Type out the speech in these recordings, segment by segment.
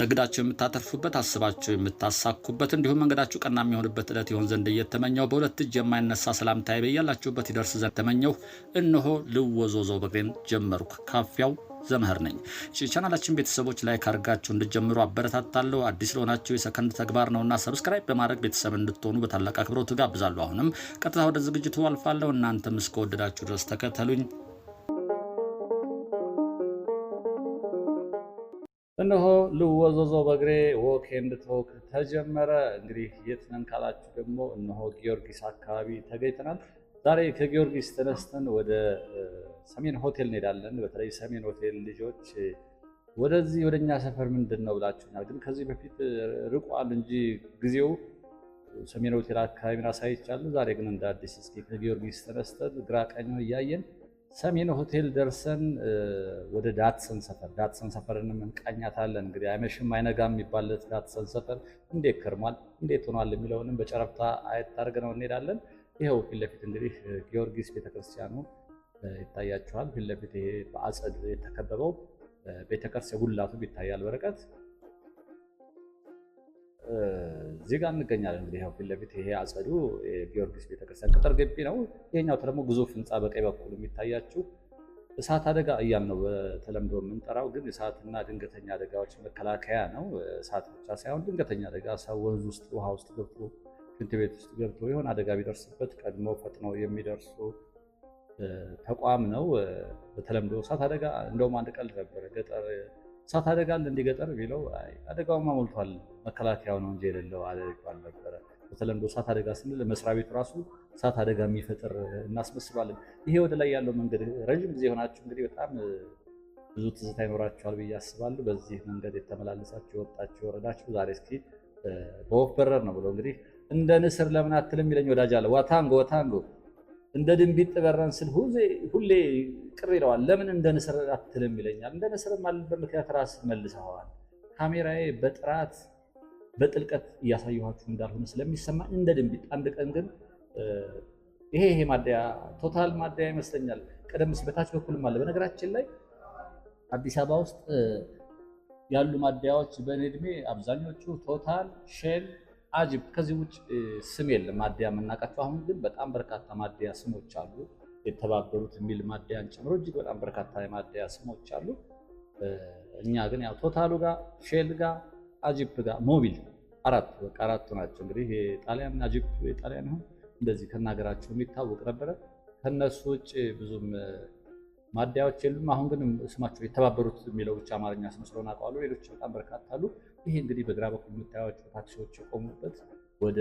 ንግዳችሁ የምታተርፉበት አስባችሁ የምታሳኩበት እንዲሁም መንገዳችሁ ቀና የሚሆንበት ዕለት ይሆን ዘንድ እየተመኘው በሁለት እጅ የማይነሳ ሰላምታ በያላችሁበት ይደርስ ዘንድ ተመኘሁ። እነሆ ልወዞዞ በግሬን ጀመርኩ። ካፊያው ዘመህር ነኝ። ቻናላችን ቤተሰቦች ላይክ አድርጋችሁ እንድጀምሩ አበረታታለሁ። አዲስ ለሆናችሁ የሰከንድ ተግባር ነውና ሰብስክራይብ በማድረግ ቤተሰብ እንድትሆኑ በታላቅ አክብሮት ጋብዛለሁ። አሁንም ቀጥታ ወደ ዝግጅቱ አልፋለሁ። እናንተም እስከወደዳችሁ ድረስ ተከተሉኝ። እነሆ ልወዘዞ በእግሬ ወክ ኤንድ ቶክ ተጀመረ። እንግዲህ የት ነን ካላችሁ ደግሞ እነሆ ጊዮርጊስ አካባቢ ተገኝተናል። ዛሬ ከጊዮርጊስ ተነስተን ወደ ሰሜን ሆቴል እንሄዳለን። በተለይ ሰሜን ሆቴል ልጆች ወደዚህ ወደ እኛ ሰፈር ምንድን ነው ብላችሁኛል፣ ግን ከዚህ በፊት ርቋል እንጂ ጊዜው ሰሜን ሆቴል አካባቢን አሳይቻለሁ። ዛሬ ግን እንደ አዲስ እስኪ ከጊዮርጊስ ተነስተን ግራ እያየን ሰሜን ሆቴል ደርሰን ወደ ዳትሰን ሰፈር ዳትሰን ሰፈርን እንቃኛታለን። እንግዲህ አይመሽም አይነጋም የሚባለት ዳትሰን ሰፈር እንዴት ከርሟል፣ እንዴት ሆኗል የሚለውንም በጨረፍታ አየታርግ ነው እንሄዳለን። ይኸው ፊት ለፊት እንግዲህ ጊዮርጊስ ቤተክርስቲያኑ ይታያችኋል። ፊት ለፊት ይሄ በአጸድ የተከበበው ቤተክርስቲያን ጉላቱ ይታያል በርቀት እዚህ ጋር እንገኛለን። እንግዲህ ያው ፊት ለፊት ይሄ አጸዱ ጊዮርጊስ ቤተክርስቲያን ቅጥር ግቢ ነው። ይሄኛው ደግሞ ግዙፍ ህንፃ በቀኝ በኩል የሚታያችሁ እሳት አደጋ እያል ነው በተለምዶ የምንጠራው፣ ግን እሳትና ድንገተኛ አደጋዎች መከላከያ ነው። እሳት ብቻ ሳይሆን ድንገተኛ አደጋ ሰው ወንዝ ውስጥ፣ ውሃ ውስጥ ገብቶ ሽንት ቤት ውስጥ ገብቶ የሆነ አደጋ ቢደርስበት ቀድሞ ፈጥኖ የሚደርሱ ተቋም ነው። በተለምዶ እሳት አደጋ እንደውም አንድ ቀልድ ነበረ ገጠር እሳት አደጋ አለ እንደ ገጠር ቢለው አደጋውማ ሞልቷል፣ መከላከያው ነው እንጂ የሌለው አደጋው ነበረ። በተለምዶ እሳት አደጋ ስንል መስሪያ ቤቱ ራሱ እሳት አደጋ የሚፈጥር እናስመስሏለን። ይሄ ወደ ላይ ያለው መንገድ ረዥም ጊዜ የሆናችሁ እንግዲህ በጣም ብዙ ትዝታ ይኖራችኋል ብዬ አስባለሁ። በዚህ መንገድ የተመላለሳችሁ የወጣችሁ የወረዳችሁ ዛሬ እስኪ በወፍ በረር ነው ብሎ እንግዲህ እንደ ንስር ለምን አትልም ይለኝ ወዳጅ አለ ዋታንጎ ዋታንጎ እንደ ድንቢጥ በረን ስል ሁሌ ቅር ይለዋል። ለምን እንደ ንስር አትልም ይለኛል። እንደ ንስር ማልበት ምክንያት ራስ መልሰዋል። ካሜራዬ በጥራት በጥልቀት እያሳየኋችሁ እንዳልሆነ ስለሚሰማ እንደ ድንቢጥ አንድ ቀን ግን ይሄ ይሄ ማደያ ቶታል ማደያ ይመስለኛል። ቀደም ሲል በታች በኩልም አለ። በነገራችን ላይ አዲስ አበባ ውስጥ ያሉ ማደያዎች በእኔ እድሜ አብዛኞቹ ቶታል ሼል አጅብ ከዚህ ውጭ ስም የለም። ማደያ የምናውቃቸው አሁን ግን በጣም በርካታ ማደያ ስሞች አሉ። የተባበሩት የሚል ማደያን ጨምሮ እጅግ በጣም በርካታ የማደያ ስሞች አሉ። እኛ ግን ያው ቶታሉ ጋር ሼል ጋር አጅብ ጋር ሞቢል አራቱ በቃ አራቱ ናቸው። እንግዲህ የጣሊያን አጅብ የጣሊያን ይሁን እንደዚህ ከናገራቸው የሚታወቅ ነበረ። ከነሱ ውጭ ብዙም ማደያዎች የሉም። አሁን ግን ስማቸው የተባበሩት የሚለው ብቻ አማርኛ ስም ስለሆነ አውቀዋለሁ። ሌሎች በጣም በርካታ አሉ። ይሄ እንግዲህ በግራ በኩል የምታያቸው ታክሲዎች የቆሙበት ወደ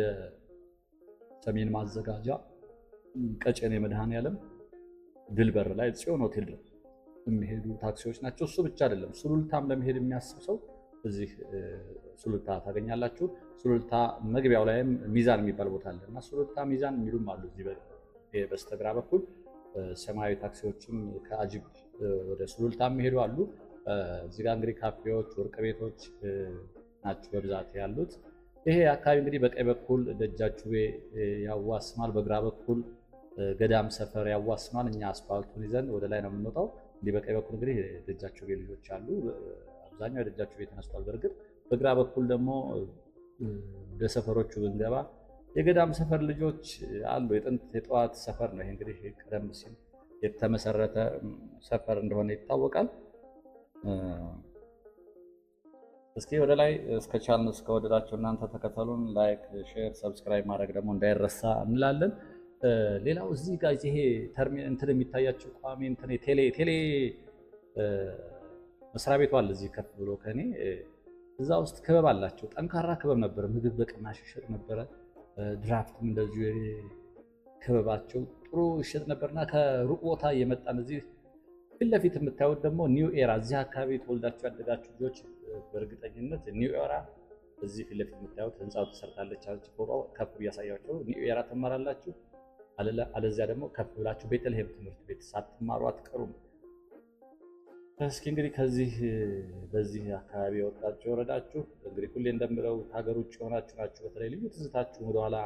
ሰሜን ማዘጋጃ ቀጨኔ መድኃኔዓለም ድል በር ላይ ጽዮን ሆቴል ድረስ የሚሄዱ ታክሲዎች ናቸው። እሱ ብቻ አይደለም፣ ሱሉልታም ለመሄድ የሚያስብ ሰው እዚህ ሱሉልታ ታገኛላችሁ። ሱሉልታ መግቢያው ላይም ሚዛን የሚባል ቦታ አለ እና ሱሉልታ ሚዛን የሚሉም አሉ። እዚህ በስተግራ በኩል ሰማያዊ ታክሲዎችም ከአጅብ ወደ ሱሉልታ የሚሄዱ አሉ። እዚህ ጋር እንግዲህ ካፌዎች፣ ወርቅ ቤቶች ናቸው በብዛት ያሉት። ይሄ አካባቢ እንግዲህ በቀኝ በኩል ደጃችቤ ያዋስማል፣ በግራ በኩል ገዳም ሰፈር ያዋስማል። እኛ አስፋልቱን ይዘን ወደ ላይ ነው የምንወጣው። እንዲህ በቀኝ በኩል እንግዲህ ደጃችቤ ልጆች አሉ። አብዛኛው ደጃችቤ ተነስቷል። በእርግጥ በግራ በኩል ደግሞ ወደ ሰፈሮቹ ብንገባ የገዳም ሰፈር ልጆች አሉ። የጥንት የጠዋት ሰፈር ነው። ይሄ እንግዲህ ቀደም ሲል የተመሰረተ ሰፈር እንደሆነ ይታወቃል። እስኪ ወደ ላይ እስከ ቻልን እስከወደዳችሁ እናንተ ተከተሉን። ላይክ፣ ሼር፣ ሰብስክራይብ ማድረግ ደግሞ እንዳይረሳ እንላለን። ሌላው እዚህ ጋር ይሄ ተርሚ እንትን የሚታያችሁ ቋሚ እንትን ቴሌ ቴሌ መስሪያ ቤቱ አለ እዚህ ከፍ ብሎ ከኔ እዛ ውስጥ ክበብ አላቸው። ጠንካራ ክበብ ነበረ። ምግብ በቅናሽ ይሸጥ ነበረ። ድራፍትም እንደዚሁ ክበባቸው ጥሩ ይሸጥ ነበርና ከሩቅ ቦታ እየመጣን እዚህ ፊት ለፊት የምታዩት ደግሞ ኒው ኤራ፣ እዚህ አካባቢ ተወልዳችሁ ያደጋችሁ ልጆች በእርግጠኝነት ኒው ኤራ እዚህ ፊት ለፊት የምታዩት ህንፃው ተሰርታለች አለች ፎቃው ከፍ እያሳያቸው ኒው ኤራ ትማራላችሁ። አለዚያ ደግሞ ከፍ ብላችሁ ቤተልሔም ትምህርት ቤት ሳትማሩ አትቀሩም። እስኪ እንግዲህ ከዚህ በዚህ አካባቢ የወጣችሁ የወረዳችሁ እንግዲህ ሁሌ እንደምለው ከሀገር ውጭ የሆናችሁ ናችሁ። በተለይ ልዩ ትዝታችሁ ወደኋላ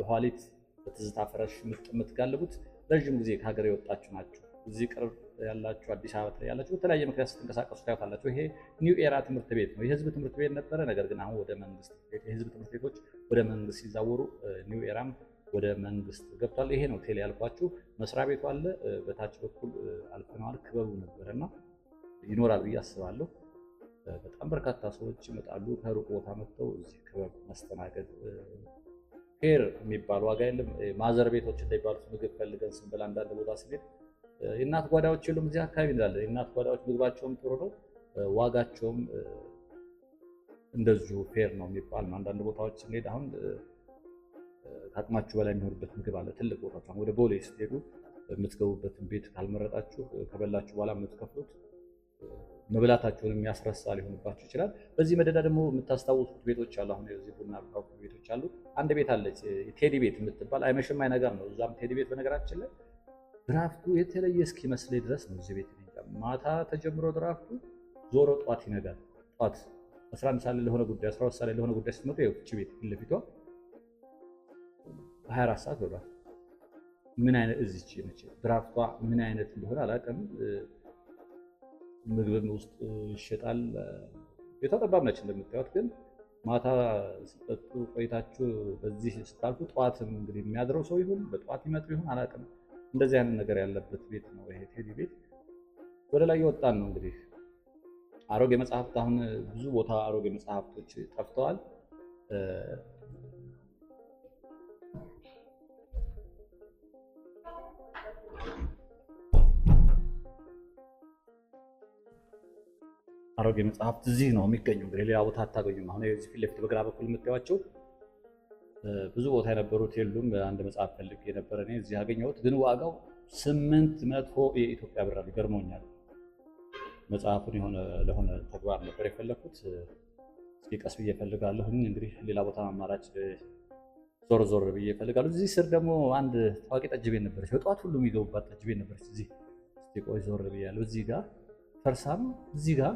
የኋሊት በትዝታ ፈረሽ የምትጋልቡት ረዥም ጊዜ ከሀገር የወጣችሁ ናችሁ። እዚህ ቅርብ ያላችሁ አዲስ አበባ ላይ ያላችሁ በተለያየ ምክንያት ስትንቀሳቀሱ ታዩታላችሁ። ይሄ ኒው ኤራ ትምህርት ቤት ነው። የህዝብ ትምህርት ቤት ነበረ። ነገር ግን አሁን ወደ መንግስት የህዝብ ትምህርት ቤቶች ወደ መንግስት ሲዛወሩ ኒው ኤራም ወደ መንግስት ገብቷል። ይሄ ነው ቴሌ ያልኳችሁ። መስሪያ ቤቱ አለ፣ በታች በኩል አልፈነዋል። ክበቡ ነበረና ይኖራል ብዬ አስባለሁ። በጣም በርካታ ሰዎች ይመጣሉ ከሩቅ ቦታ መጥተው እዚህ ክበብ መስተናገድ ፌር የሚባል ዋጋ የለም። ማዘር ቤቶች እንደሚባሉት ምግብ ፈልገን ስንበላ አንዳንድ ቦታ ስንሄድ የእናት ጓዳዎች የሉም እዚህ አካባቢ እንላለን። የእናት ጓዳዎች ምግባቸውም ጥሩ ነው፣ ዋጋቸውም እንደዚሁ ፌር ነው የሚባል ነው። አንዳንድ ቦታዎች ስንሄድ አሁን ከአቅማችሁ በላይ የሚሆንበት ምግብ አለ። ትልቅ ቦታዎች አሁን ወደ ቦሌ ስትሄዱ የምትገቡበትን ቤት ካልመረጣችሁ ከበላችሁ በኋላ የምትከፍሉት መብላታችሁን የሚያስረሳ ሊሆንባችሁ ይችላል። በዚህ መደዳ ደግሞ የምታስታውሱት ቤቶች አሉ። አሁን እዚህ ቡና ቤቶች አሉ። አንድ ቤት አለች ቴዲ ቤት የምትባል አይመሽም አይነጋም ነው። እዛም ቴዲ ቤት በነገራችን ላይ ድራፍቱ የተለየ እስኪመስለኝ ድረስ ነው እዚህ ቤት ማታ ተጀምሮ ድራፍቱ ዞሮ ጠዋት ይነጋል። ጧት 11 ሰዓት ለሆነ ጉዳይ 12 ሰዓት ለሆነ ጉዳይ ስትመጡ የውጭ ቤት ፊት ለፊቷ 24 ሰዓት ወራ ምን አይነት እዚች ነች ድራፍቷ ምን አይነት እንደሆነ አላውቅም። ምግብም ውስጥ ይሸጣል። ቤቷ ጠባብ ነች እንደምታዩት፣ ግን ማታ ስጠጡ ቆይታችሁ በዚህ ስታልፉ ጠዋትም እንግዲህ የሚያድረው ሰው ይሁን በጠዋት ይመጡ ይሁን አላውቅም። እንደዚህ አይነት ነገር ያለበት ቤት ነው ይሄ ቴዲ ቤት። ወደ ላይ የወጣን ነው እንግዲህ አሮጌ መጽሐፍት፣ አሁን ብዙ ቦታ አሮጌ መጽሐፍቶች ጠፍተዋል። አሮጌ መጽሐፍት እዚህ ነው የሚገኙ፣ እንግዲህ ሌላ ቦታ አታገኙም። አሁን ፊት ለፊት በግራ በኩል የምታዩዋቸው ብዙ ቦታ የነበሩት የሉም። አንድ መጽሐፍ ፈልግ የነበረ እኔ እዚህ ያገኘሁት ግን ዋጋው ስምንት መቶ የኢትዮጵያ ብር ገርሞኛል። መጽሐፉን የሆነ ለሆነ ተግባር ነበር የፈለግኩት። እስኪ ቀስ ብዬ እፈልጋለሁኝ። እንግዲህ ሌላ ቦታ አማራጭ ዞር ዞር ብዬ እፈልጋለሁ። እዚህ ስር ደግሞ አንድ ታዋቂ ጠጅ ቤት ነበረች፣ በጠዋት ሁሉ የሚገቡባት ጠጅ ቤት ነበረች። እዚህ እስኪ ቆይ ዞር ያለው እዚህ ጋር ፈርሳም፣ እዚህ ጋር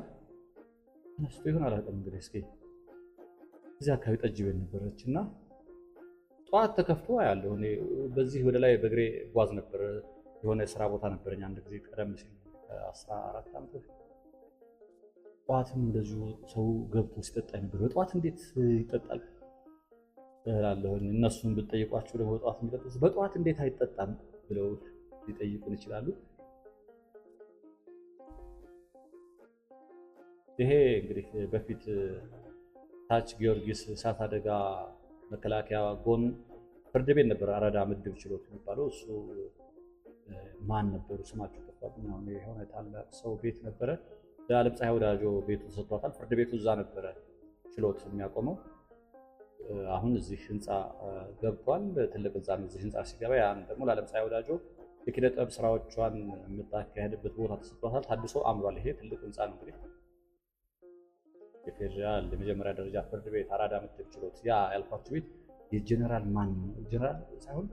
ነስቶ ይሆን አላውቅም። እንግዲህ እስኪ እዚህ አካባቢ ጠጅ ቤት ነበረች እና ጠዋት ተከፍቶ ያለሁ በዚህ ወደ ላይ በእግሬ ጓዝ ነበር። የሆነ የስራ ቦታ ነበረኝ አንድ ጊዜ ቀደም ሲል አስራ አራት ዓመት በፊት ጠዋትም እንደዚሁ ሰው ገብቶ ሲጠጣ ነበር። በጠዋት እንዴት ይጠጣል እላለሁ። እነሱን ብጠይቋቸው ደግሞ በጠዋት የሚጠጡ በጠዋት እንዴት አይጠጣም ብለው ሊጠይቁን ይችላሉ። ይሄ እንግዲህ በፊት ታች ጊዮርጊስ እሳት አደጋ መከላከያ ጎን ፍርድ ቤት ነበር አራዳ ምድብ ችሎት የሚባለው እሱ ማን ነበሩ ስማቸው ጠፋብኝ። የሆነ ታላቅ ሰው ቤት ነበረ። ለዓለም ፀሐይ ወዳጆ ቤቱ ተሰጥቷታል። ፍርድ ቤቱ እዛ ነበረ ችሎት የሚያቆመው። አሁን እዚህ ህንፃ ገብቷል። ትልቅ ህንፃ ነው። እዚህ ህንፃ ሲገባ ያን ደግሞ ለዓለም ፀሐይ ወዳጆ የኪነ ጥበብ ስራዎቿን የምታካሄድበት ቦታ ተሰጥቷታል። ታድሶ አምሯል። ይሄ ትልቅ ህንፃ ነው እንግዲህ የፌዴራል የመጀመሪያ ደረጃ ፍርድ ቤት አራዳ ምድብ ችሎት ያ ያልኳችሁ ቤት የጀነራል ማን ጀነራል ሳይሆን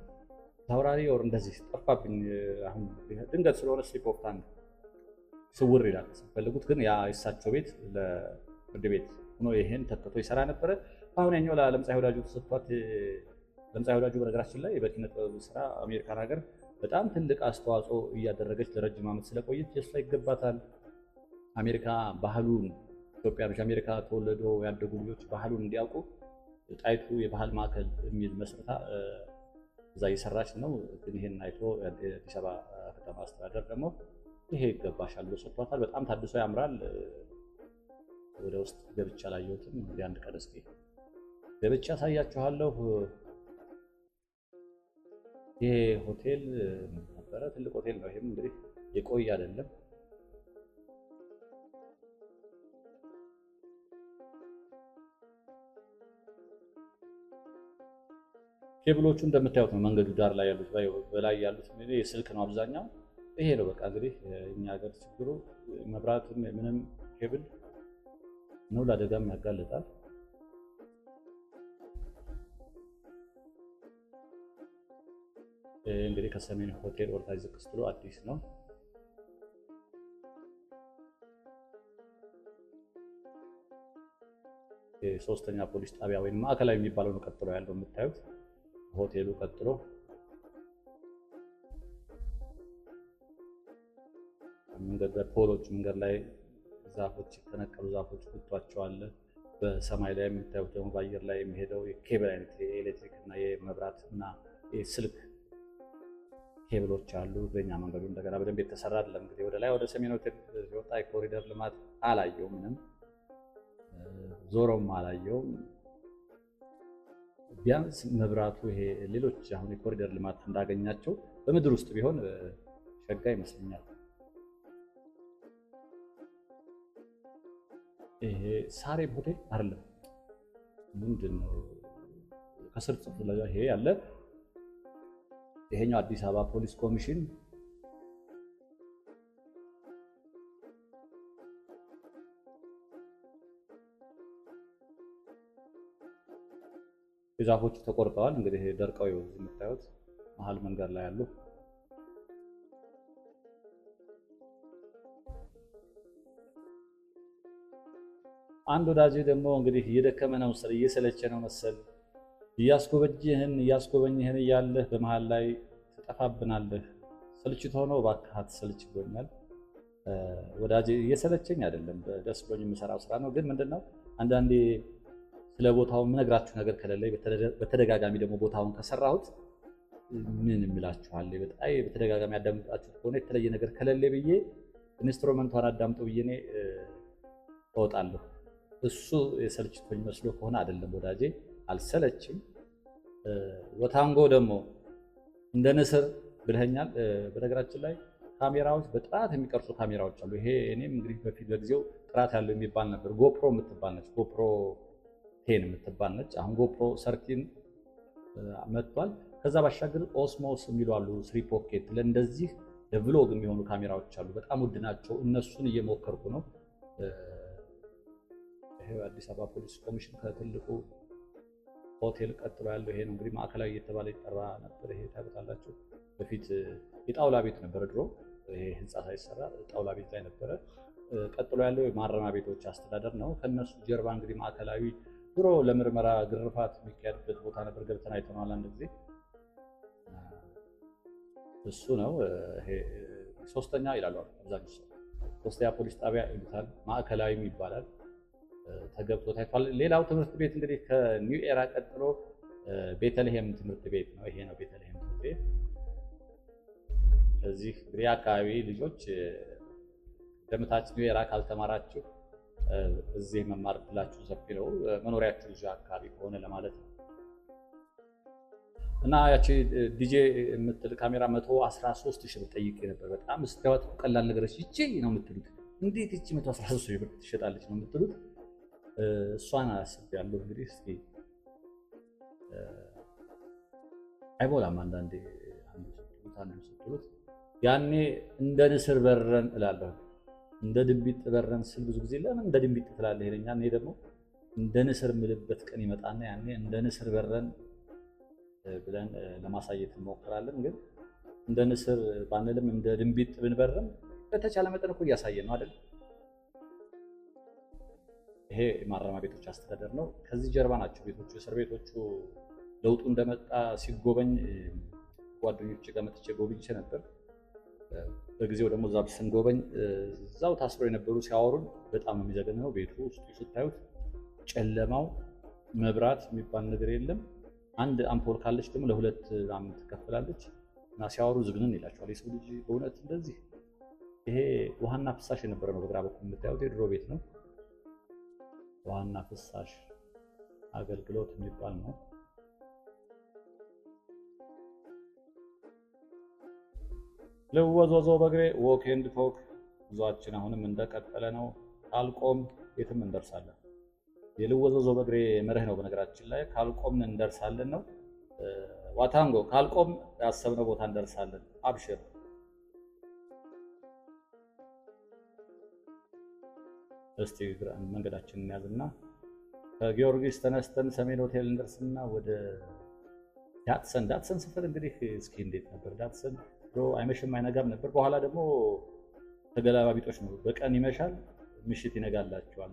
ታውራሪ ወር እንደዚህ ጠፋብኝ። አሁን ድንገት ስለሆነ ስሊፕ ኦፍ ታንግ ስውር ይላል ሲፈልጉት፣ ግን ያ የሳቸው ቤት ለፍርድ ቤት ሆኖ ይሄን ተጥቶ ይሰራ ነበረ። አሁን ያኛው ለለምጻይ ወዳጁ ተሰጥቷት። ለምፃ ወዳጁ በነገራችን ላይ በኪነ ጥበብ ስራ አሜሪካን ሀገር በጣም ትልቅ አስተዋጽኦ እያደረገች ለረጅም ዓመት ስለቆየች የእሷ ይገባታል። አሜሪካ ባህሉን ኢትዮጵያ አሜሪካ ተወለዶ ያደጉ ልጆች ባህሉን እንዲያውቁ ጣይቱ የባህል ማዕከል የሚል መስርታ እዛ እየሰራች ነው። ግን ይሄን አይቶ አዲስ አበባ ከተማ አስተዳደር ደግሞ ይሄ ይገባሻል ብሎ ሰጥቷታል። በጣም ታድሶ ያምራል። ወደ ውስጥ ገብቼ አላየሁትም። እንግዲህ አንድ ቀን እስኪ ገብቼ አሳያችኋለሁ። ይሄ ሆቴል ነበረ፣ ትልቅ ሆቴል ነው። ይሄም እንግዲህ የቆየ አይደለም። ኬብሎቹ እንደምታዩት ነው። መንገዱ ዳር ላይ ያሉት በላይ ያሉት የስልክ ነው አብዛኛው። ይሄ ነው በቃ እንግዲህ እኛ ሀገር ችግሩ መብራትም ምንም ኬብል ነው፣ ለአደጋም ያጋልጣል። እንግዲህ ከሰሜን ሆቴል ወርታ ዝቅስ ብሎ አዲስ ነው። ሶስተኛ ፖሊስ ጣቢያ ወይም ማዕከላዊ የሚባለው ነው ቀጥሎ ያለው የምታዩት ሆቴሉ ቀጥሎ መንገድ ላይ ፖሎች መንገድ ላይ ዛፎች የተነቀሉ ዛፎች ቁጥቋጦ አለ። በሰማይ ላይ የምታዩት ደግሞ በአየር ላይ የሚሄደው የኬብል አይነት የኤሌክትሪክ እና የመብራት እና የስልክ ኬብሎች አሉ። በኛ መንገዱ እንደገና በደንብ የተሰራ አይደለም። እንግዲህ ወደ ላይ ወደ ሰሜን ሲወጣ የኮሪደር ልማት አላየው ምንም ዞሮም አላየውም። ቢያንስ መብራቱ ይሄ ሌሎች አሁን የኮሪደር ልማት እንዳገኛቸው በምድር ውስጥ ቢሆን ሸጋ ይመስለኛል። ይሄ ሳሬም ሆቴል አይደለም፣ ምንድን ነው ከስር ይሄ ያለ ይሄኛው አዲስ አበባ ፖሊስ ኮሚሽን ዛፎቹ ተቆርጠዋል። እንግዲህ ደርቀው የምታዩት መሀል መንገድ ላይ ያሉ አንድ ወዳጅ ደግሞ እንግዲህ እየደከመ ነው መሰል እየሰለቸ ነው መሰል እያስጎበኝህን እያስጎበኝህን እያለህ በመሀል ላይ ትጠፋብናለህ። ስልችት ሆኖ ባካሃት ይጎኛል ወዳጅ፣ እየሰለቸኝ አይደለም፣ ደስ ብሎኝ የምሰራው ስራ ነው። ግን ምንድን ነው አንዳንዴ ስለ ቦታው የምነግራችሁ ነገር ከሌለ በተደጋጋሚ ደግሞ ቦታውን ከሰራሁት ምን እምላችኋለሁ? በጣም በተደጋጋሚ ያዳምጣችሁት ከሆነ የተለየ ነገር ከሌለ ብዬ ኢንስትሩመንቷን አዳምጡ ብዬ እኔ እወጣለሁ። እሱ የሰልችቶኝ መስሎ ከሆነ አይደለም ወዳጄ፣ አልሰለችም። ወታንጎ ደግሞ እንደ ንስር ብለኸኛል። በነገራችን ላይ ካሜራዎች በጥራት የሚቀርጹ ካሜራዎች አሉ። ይሄ እኔም እንግዲህ በፊት በጊዜው ጥራት ያለው የሚባል ነበር። ጎፕሮ የምትባል ነች። ጎፕሮ ቴን የምትባል ነች። አሁን ጎፕሮ ሰርቲን መጥቷል። ከዛ ባሻገር ኦስሞስ የሚሉ አሉ፣ ስሪ ፖኬት ለእንደዚህ ለቭሎግ የሚሆኑ ካሜራዎች አሉ። በጣም ውድ ናቸው። እነሱን እየሞከርኩ ነው። ይሄ አዲስ አበባ ፖሊስ ኮሚሽን ከትልቁ ሆቴል ቀጥሎ ያለው ይሄ ነው እንግዲህ ማዕከላዊ እየተባለ ይጠራ ነበር። ይሄ ታውቃላችሁ፣ በፊት የጣውላ ቤት ነበረ ድሮ። ይሄ ህንፃ ሳይሰራ ጣውላ ቤት ላይ ነበረ። ቀጥሎ ያለው የማረሚያ ቤቶች አስተዳደር ነው። ከእነሱ ጀርባ እንግዲህ ማዕከላዊ ድሮ ለምርመራ ግርፋት የሚካሄድበት ቦታ ነበር፣ ገብተን አይተነዋል አንድ ጊዜ። እሱ ነው ሶስተኛ ይላሉ አብዛኞች ሰው። ሶስተኛ ፖሊስ ጣቢያ ይሉታል፣ ማዕከላዊም ይባላል። ተገብቶ ታይቷል። ሌላው ትምህርት ቤት እንግዲህ ከኒው ኤራ ቀጥሎ ቤተልሔም ትምህርት ቤት ነው። ይሄ ነው ቤተልሔም ትምህርት ቤት። እዚህ እንግዲህ አካባቢ ልጆች ደምታች ኒው ኤራ ካልተማራችሁ እዚህ መማር ብላችሁ ሰፊ ነው፣ መኖሪያችሁ እዚህ አካባቢ ከሆነ ለማለት ነው። እና ያቺ ዲጄ የምትል ካሜራ መቶ ሺህ ብር ጠይቄ ነበር። በጣም ስትያወጡ ቀላል ነገሮች ይቺ ነው የምትሉት፣ እንዴት ይቺ 113 ሺህ ብር ትሸጣለች ነው የምትሉት። እሷን አስቤያለሁ እንግዲህ እስኪ አይቦላም አንዳንዴ አንዱ ስትሉት ያኔ እንደ ንስር በረን እላለሁ። እንደ ድንቢጥ በረን ስል ብዙ ጊዜ ለምን እንደ ድንቢጥ ትላለህ ይለኛል። እኔ ደግሞ እንደ ንስር ምልበት ቀን ይመጣና ያኔ እንደ ንስር በረን ብለን ለማሳየት እንሞክራለን። ግን እንደ ንስር ባንልም እንደ ድንቢጥ ብንበርም በተቻለ መጠን እኮ እያሳየን ነው አይደለም። ይሄ ማረሚያ ቤቶች አስተዳደር ነው። ከዚህ ጀርባ ናቸው ቤቶቹ። እስር ቤቶቹ ለውጡ እንደመጣ ሲጎበኝ ጓደኞች ጋር መጥቼ ጎብኝቼ ነበር። በጊዜው ደግሞ እዛ ስንጎበኝ እዛው ታስበው የነበሩ ሲያወሩን በጣም የሚዘገነው ቤቱ ውስጡ ስታዩት ጨለማው መብራት የሚባል ነገር የለም። አንድ አምፖል ካለች ደግሞ ለሁለት ምናምን ትከፈላለች እና ሲያወሩ ዝግንን ይላቸዋል። የሰው ልጅ በእውነት እንደዚህ ይሄ ውሃና ፍሳሽ የነበረ ነው። በግራ በኩል የምታዩት የድሮ ቤት ነው። ውሃና ፍሳሽ አገልግሎት የሚባል ነው። ልወዞዞ በእግሬ ዎክ ኤንድ ቶክ ጉዟችን አሁንም እንደቀጠለ ነው። ካልቆም የትም እንደርሳለን። የልወዞዞ በእግሬ መርህ ነው። በነገራችን ላይ ካልቆምን እንደርሳለን ነው ዋታንጎ። ካልቆም ያሰብነው ቦታ እንደርሳለን። አብሽር እስቲ መንገዳችንን እንያዝና ከጊዮርጊስ ተነስተን ሰሜን ሆቴል እንደርስና ወደ ዳትሰን ዳትሰን ስፍር እንግዲህ እስኪ እንዴት ነበር ዳትሰን ድሮ አይመሽም አይነጋም ነበር። በኋላ ደግሞ ተገላባቢጦች ነው። በቀን ይመሻል፣ ምሽት ይነጋላቸዋል።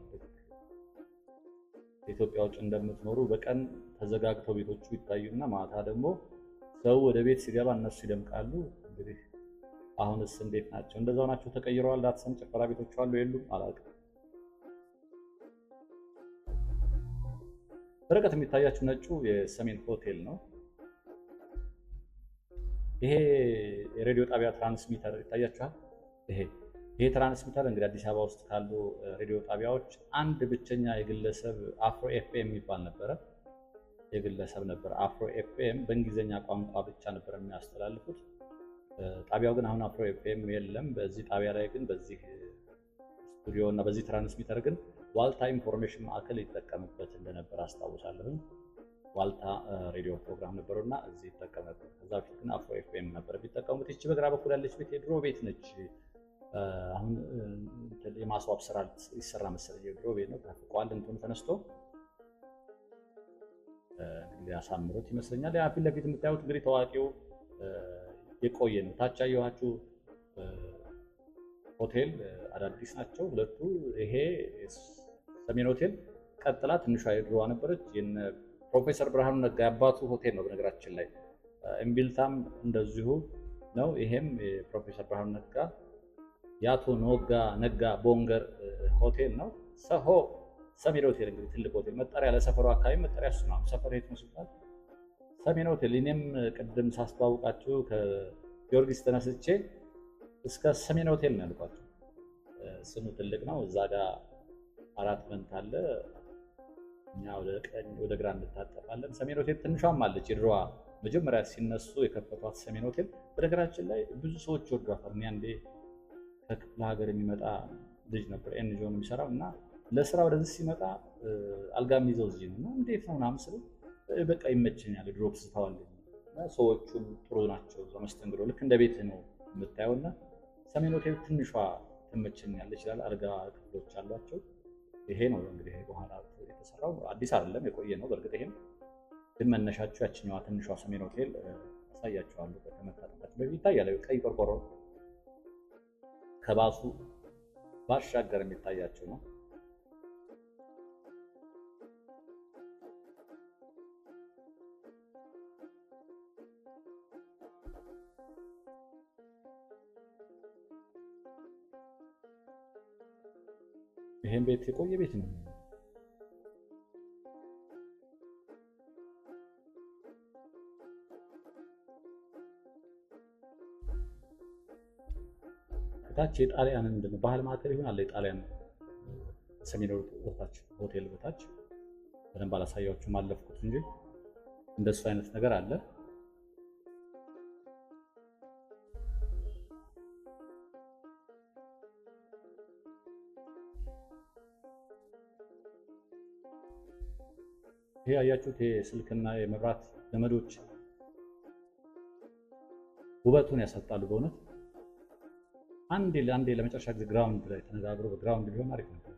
ኢትዮጵያ ውጭ እንደምትኖሩ በቀን ተዘጋግተው ቤቶቹ ይታዩና ማታ ደግሞ ሰው ወደ ቤት ሲገባ እነሱ ይደምቃሉ። እንግዲህ አሁንስ እንዴት ናቸው? እንደዛው ናቸው? ተቀይረዋል? ዳትሰም ጭፈራ ቤቶች አሉ የሉም? አላውቅም። በርቀት የሚታያችሁ ነጩ የሰሜን ሆቴል ነው። ይሄ የሬዲዮ ጣቢያ ትራንስሚተር ይታያችኋል። ይሄ ይሄ ትራንስሚተር እንግዲህ አዲስ አበባ ውስጥ ካሉ ሬዲዮ ጣቢያዎች አንድ ብቸኛ የግለሰብ አፍሮ ኤፍኤም የሚባል ነበረ። የግለሰብ ነበር አፍሮ ኤፍኤም። በእንግሊዝኛ ቋንቋ ብቻ ነበር የሚያስተላልፉት። ጣቢያው ግን አሁን አፍሮ ኤፍኤም የለም። በዚህ ጣቢያ ላይ ግን በዚህ ስቱዲዮ እና በዚህ ትራንስሚተር ግን ዋልታ ኢንፎርሜሽን ማዕከል ይጠቀምበት እንደነበር አስታውሳለሁኝ። ዋልታ ሬዲዮ ፕሮግራም ነበረው እና እዚህ ይጠቀም ነበር። ከዛ በፊት ግን አፍሮ ኤፍኤም ነበር የሚጠቀሙት። ይቺ በግራ በኩል ያለች ቤት የድሮ ቤት ነች። አሁን የማስዋብ ስራ ይሰራ መሰለኝ። የድሮ ቤት ነው። ተፍቋል። እንትኑ ተነስቶ ሊያሳምሩት ይመስለኛል። ያ ፊት ለፊት የምታዩት እንግዲህ ታዋቂው የቆየ ነው። ታች ያየኋችሁ ሆቴል አዳዲስ ናቸው ሁለቱ። ይሄ ሰሜን ሆቴል ቀጥላ ትንሿ የድሮዋ ነበረች። ፕሮፌሰር ብርሃኑ ነጋ የአባቱ ሆቴል ነው በነገራችን ላይ እምቢልታም እንደዚሁ ነው። ይሄም የፕሮፌሰር ብርሃኑ ነጋ የአቶ ኖጋ ነጋ ቦንገር ሆቴል ነው። ሰሆ ሰሜን ሆቴል እንግዲህ ትልቅ ሆቴል መጠሪያ ለሰፈሩ አካባቢ መጠሪያ እሱ ነው። ሰፈር ሄት ነው ሲባል ሰሜን ሆቴል። እኔም ቅድም ሳስተዋውቃችሁ ከጊዮርጊስ ተነስቼ እስከ ሰሜን ሆቴል ነው ያልኳቸው። ስሙ ትልቅ ነው። እዛ ጋር አራት መንት አለ እኛ ወደ ቀኝ ወደ ግራ እንታጠፋለን። ሰሜን ሆቴል ትንሿም አለች፣ የድሮዋ መጀመሪያ ሲነሱ የከፈቷት ሰሜን ሆቴል። በነገራችን ላይ ብዙ ሰዎች ይወዷታል። እኔ አንዴ ከክፍለ ሀገር የሚመጣ ልጅ ነበር ኤንጂኦ ነው የሚሰራው እና ለስራ ወደዚህ ሲመጣ አልጋ የሚይዘው እዚህ ነው እንዴት ነው ምናምን ስለው በቃ ይመቸኛል፣ ድሮ ስታዋል ሰዎቹም ጥሩ ናቸው። በመስተንግዶ ልክ እንደ ቤት ነው የምታየውና ሰሜን ሆቴል ትንሿ ትመቸኛለች ይችላል። አልጋ ክፍሎች አሏቸው። ይሄ ነው እንግዲህ በኋላ የተሰራው አዲስ አይደለም፣ የቆየ ነው። በእርግጥ ይሄም ግን መነሻቸው ያችኛዋ ትንሿ ሰሜን ሆቴል አሳያቸዋለሁ። በተመታጠበት በፊት ይታያል ቀይ ቆርቆሮ ከባሱ ባሻገር የሚታያቸው ነው። ይሄን ቤት የቆየ ቤት ነው። ታች የጣሊያን ምንድን ነው ባህል ማዕተብ ይሆን አለ። የጣሊያን ሰሜን ቦታች ሆቴል በታች በደንብ አላሳያችሁም አለፍኩት እንጂ እንደሱ አይነት ነገር አለ። ይሄ ያያችሁት የስልክና የመብራት ገመዶች ውበቱን ያሳጣሉ። በእውነት አንዴ ለአንዴ ለመጨረሻ ጊዜ ግራውንድ ላይ ተነጋግሮ በግራውንድ ቢሆን አሪፍ ነበር።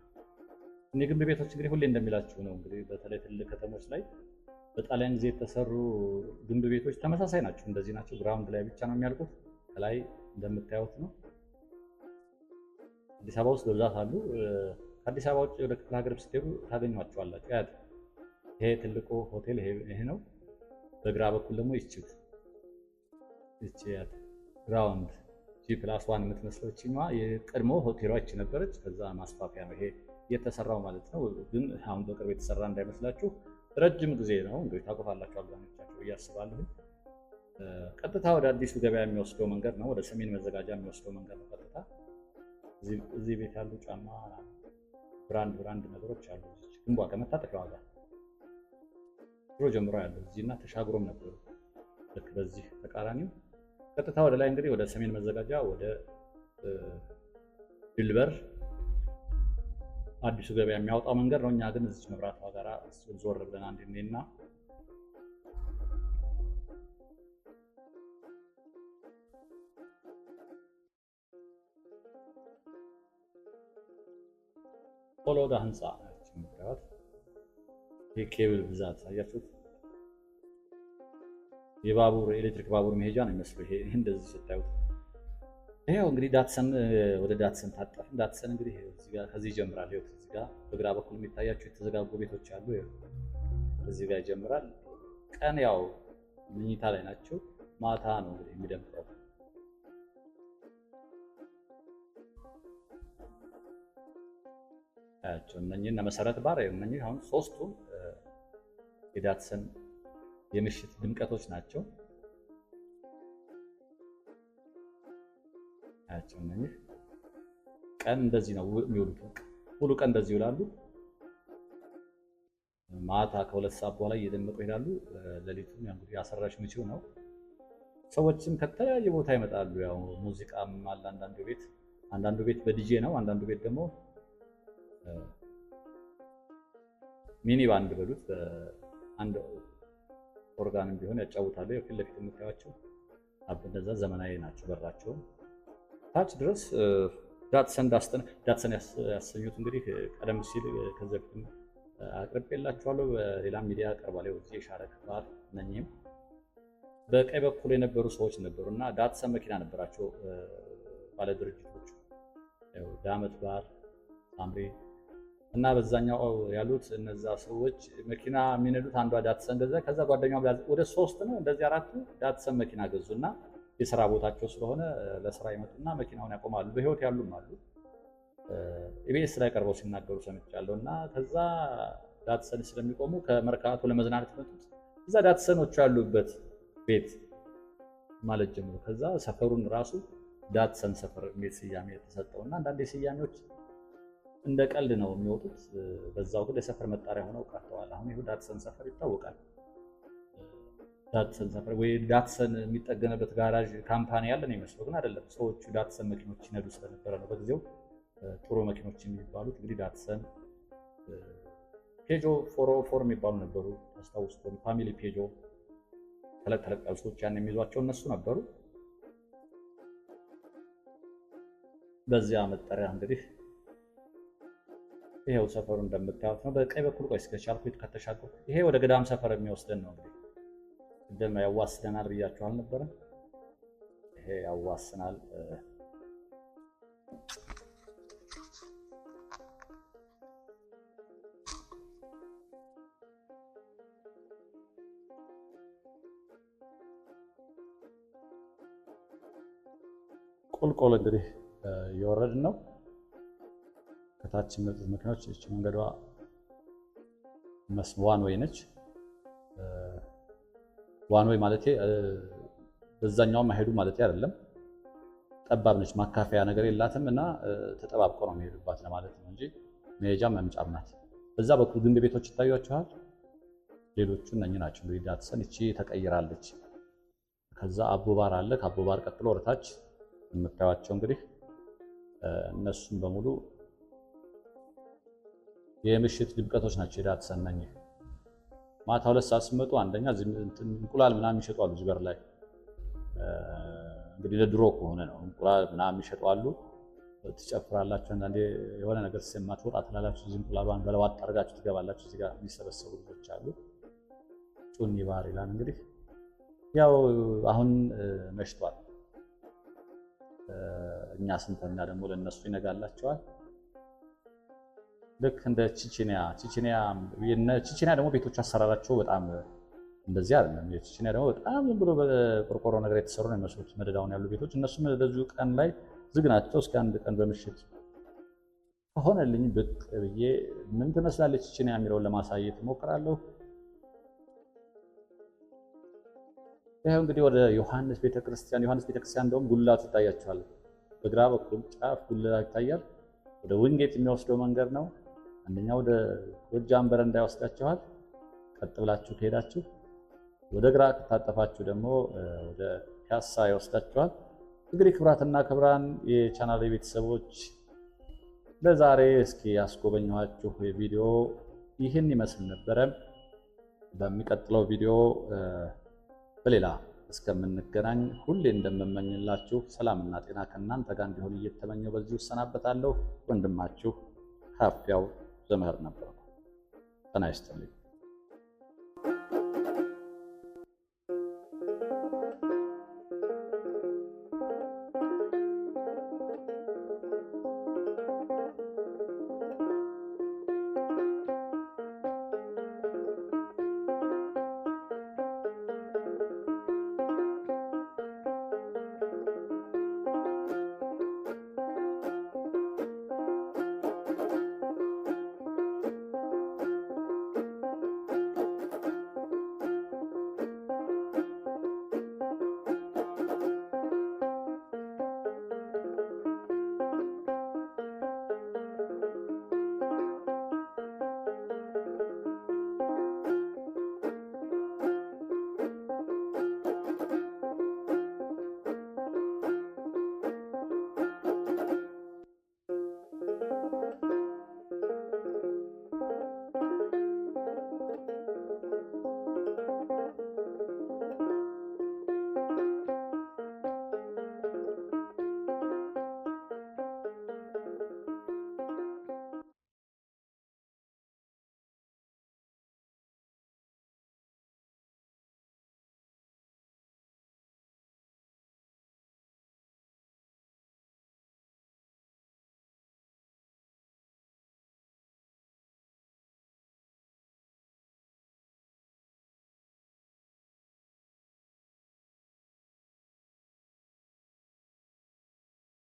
እኔ ግንብ ቤቶች እንግዲህ ሁሌ እንደሚላችሁ ነው። እንግዲህ በተለይ ትልቅ ከተሞች ላይ በጣሊያን ጊዜ የተሰሩ ግንብ ቤቶች ተመሳሳይ ናቸው። እንደዚህ ናቸው። ግራውንድ ላይ ብቻ ነው የሚያልቁት። ከላይ እንደምታዩት ነው። አዲስ አበባ ውስጥ በብዛት አሉ። ከአዲስ አበባ ውጭ ወደ ክፍለ ሀገር ስትሄዱ ታገኟቸዋላችሁ። ይሄ ትልቁ ሆቴል ይሄ ነው። በግራ በኩል ደግሞ ይችት እቺ ግራውንድ ጂ ፕላስ ዋን የምትመስለች ቺማ የቀድሞ ሆቴሏች ነበረች። ከዛ ማስፋፊያ ነው ይሄ የተሰራው ማለት ነው። ግን አሁን በቅርብ የተሰራ እንዳይመስላችሁ ረጅም ጊዜ ነው። እንግዲህ ታቆፋላችሁ አብዛኞቻችሁ እያስባለሁ። ቀጥታ ወደ አዲሱ ገበያ የሚወስደው መንገድ ነው። ወደ ሰሜን መዘጋጃ የሚወስደው መንገድ ነው። ቀጥታ እዚህ ቤት ያሉ ጫማ ብራንድ ብራንድ ነገሮች አሉ ግንቧ ከመታጠፊያ ዋጋ ድሮ ጀምሮ ያለ እዚህ እና ተሻግሮም ነበሩ። ልክ በዚህ ተቃራኒው ቀጥታ ወደ ላይ እንግዲህ ወደ ሰሜን መዘጋጃ ወደ ድልበር አዲሱ ገበያ የሚያወጣው መንገድ ነው። እኛ ግን እዚህ መብራቷ ጋራ ዞር ብለን አንድ ና ቆሎ ወደ ህንፃ ይህ ኬብል ብዛት አያችሁት? የባቡር ኤሌክትሪክ ባቡር መሄጃ ነው የሚመስለው። ይሄ እንደዚህ ስታዩት ይሄው እንግዲህ ዳትሰን ወደ ዳትሰን ታጠፍ ዳትሰን እንግዲህ እዚህ ጋር ከዚህ ይጀምራል። ይሄው እዚህ ጋር በግራ በኩል የሚታያቸው የተዘጋጉ ቤቶች አሉ። ይሄው እዚህ ጋር ይጀምራል። ቀን ያው መኝታ ላይ ናቸው። ማታ ነው እንግዲህ የሚደምቀው። አያቸው እነኚህ እና መሰረት ባር እነኚህ አሁን ሶስቱ የዳትሰን የምሽት ድምቀቶች ናቸው ያቸው እነዚህ ቀን እንደዚህ ነው የሚውሉት። ሙሉ ቀን እንደዚህ ይውላሉ። ማታ ከሁለት ሰዓት በኋላ እየደመቁ ይሄዳሉ። ሌሊቱን እንግዲህ አሰራሽ ምችው ነው። ሰዎችም ከተለያየ ቦታ ይመጣሉ። ያው ሙዚቃም አለ። አንዳንዱ ቤት አንዳንዱ ቤት በዲጄ ነው። አንዳንዱ ቤት ደግሞ ሚኒ ባንድ በሉት አንድ ኦርጋንም ቢሆን ያጫውታሉ። የፊት ለፊት የምታያቸው እነዛ ዘመናዊ ናቸው። በራቸውም ታች ድረስ ዳትሰን ዳስተን ዳትሰን ያሰኙት እንግዲህ ቀደም ሲል ከዚ በፊትም አቅርቤላችኋለሁ። በሌላ ሚዲያ ቀርባለሁ። እዚህ የሻረ ክፋር ነኝም በቀኝ በኩል የነበሩ ሰዎች ነበሩ እና ዳትሰን መኪና ነበራቸው ባለ ድርጅቶች ዳመት ባር አምሬ እና በዛኛው ያሉት እነዛ ሰዎች መኪና የሚነዱት አንዷ ዳትሰን እንደዛ፣ ከዛ ጓደኛው ወደ ሶስት ነው እንደዚህ አራቱ ዳትሰን መኪና ገዙና የስራ ቦታቸው ስለሆነ ለስራ ይመጡና መኪናውን ያቆማሉ። በህይወት ያሉም አሉ። ኢቢኤስ ላይ ቀርበው ሲናገሩ ሰምቻለሁ። እና ከዛ ዳትሰን ስለሚቆሙ ከመርካቶ ለመዝናናት መጡት። እዛ ዳትሰኖቹ ያሉበት ቤት ማለት ጀምሮ ከዛ ሰፈሩን ራሱ ዳትሰን ሰፈር የሚል ስያሜ የተሰጠው እና አንዳንድ የስያሜዎች እንደ ቀልድ ነው የሚወጡት። በዛው ግን የሰፈር መጣሪያ ሆነው ቀርተዋል። አሁን ይኸው ዳትሰን ሰፈር ይታወቃል። ዳትሰን ሰፈር ወይ ዳትሰን የሚጠገንበት ጋራዥ ካምፓኒ ያለ ነው ይመስለው፣ ግን አይደለም። ሰዎቹ ዳትሰን መኪኖች ይነዱ ስለነበረ ነው በጊዜው ጥሩ መኪኖች የሚባሉት። እንግዲህ ዳትሰን ፔጆ ፎሮ ፎር የሚባሉ ነበሩ። ታስታውስ ከሆነ ፋሚሊ ፔጆ ተለቅ ተለቅ ያሉ ሰዎች ያን የሚይዟቸው እነሱ ነበሩ። በዚያ መጠሪያ እንግዲህ ይሄው ሰፈሩ እንደምታዩት ነው። በቀኝ በኩል ቆይ እስከቻልኩ ከተሻገሩ ይሄ ወደ ገዳም ሰፈር የሚወስደን ነው። እንግዲህ ቅድም ያዋስደናል ብያችሁ አልነበረ? ይሄ ያዋስናል። ቁልቁል እንግዲህ የወረድን ነው። ከታች የሚወጡት መኪናዎች እች መንገዷ ዋን ወይ ነች። ዋን ወይ ማለት በዛኛውም አይሄዱ ማለት አይደለም። ጠባብ ነች፣ ማካፈያ ነገር የላትም እና ተጠባብቆ ነው የሚሄዱባት ለማለት ነው እንጂ መሄጃ መምጫም ናት። በዛ በኩል ግንብ ቤቶች ይታያችኋል። ሌሎቹ እነኚህ ናቸው። እንግዲህ ዳትሰን እቺ ተቀይራለች። ከዛ አቦባር አለ። ከአቦባር ቀጥሎ ወደታች የምታዩቸው እንግዲህ እነሱም በሙሉ የምሽት ድምቀቶች ናቸው። ዳ ሰነኝ ማታ ሁለት ሰዓት ስትመጡ አንደኛ እንቁላል ምናምን ይሸጧሉ አሉ። እዚህ በር ላይ እንግዲህ ለድሮ ከሆነ ነው እንቁላል ምናምን ይሸጡ አሉ። ትጨፍራላችሁ። አንዳንዴ የሆነ ነገር ሲሰማችሁ ወጣ ትላላችሁ። እዚህ እንቁላሏን በለዋጥ አድርጋችሁ ትገባላችሁ። እዚህ ጋር የሚሰበሰቡ ልጆች አሉ። ጩኒ ባህር ይላል እንግዲህ ያው አሁን መሽቷል። እኛ ስንተኛ ደግሞ ለእነሱ ይነጋላቸዋል። ልክ እንደ ቺቺኒያ ቺቺኒያ ቺቺኒያ ደግሞ ቤቶች አሰራራቸው በጣም እንደዚህ አይደለም። የቺቺኒያ ደግሞ በጣም ዝም ብሎ በቆርቆሮ ነገር የተሰሩ ነው የሚመስሉት መደዳውን ያሉ ቤቶች። እነሱም በዚሁ ቀን ላይ ዝግ ናቸው እስከ አንድ ቀን በምሽት ከሆነልኝ ብቅ ብዬ ምን ትመስላለች ቺቺኒያ የሚለውን ለማሳየት እሞክራለሁ። ይኸው እንግዲህ ወደ ዮሐንስ ቤተክርስቲያን ዮሐንስ ቤተክርስቲያን እንደውም ጉልላቱ ይታያቸዋል። በግራ በኩል ጫፍ ጉላ ይታያል። ወደ ውንጌት የሚወስደው መንገድ ነው። አንደኛ ወደ ጎጃም በረንዳ ይወስዳችኋል። ቀጥ ብላችሁ ከሄዳችሁ ወደ ግራ ከታጠፋችሁ ደግሞ ወደ ፒያሳ ይወስዳችኋል። እንግዲህ ክብራትና ክብራን የቻናል ቤተሰቦች ለዛሬ እስኪ ያስጎበኘኋችሁ ቪዲዮ ይህን ይመስል ነበረ። በሚቀጥለው ቪዲዮ በሌላ እስከምንገናኝ ሁሌ እንደምመኝላችሁ ሰላምና ጤና ከእናንተ ጋር እንዲሆን እየተመኘው በዚሁ እሰናበታለሁ። ወንድማችሁ ካፊያው ዘመህር ነበር። ጤና ይስጥልኝ።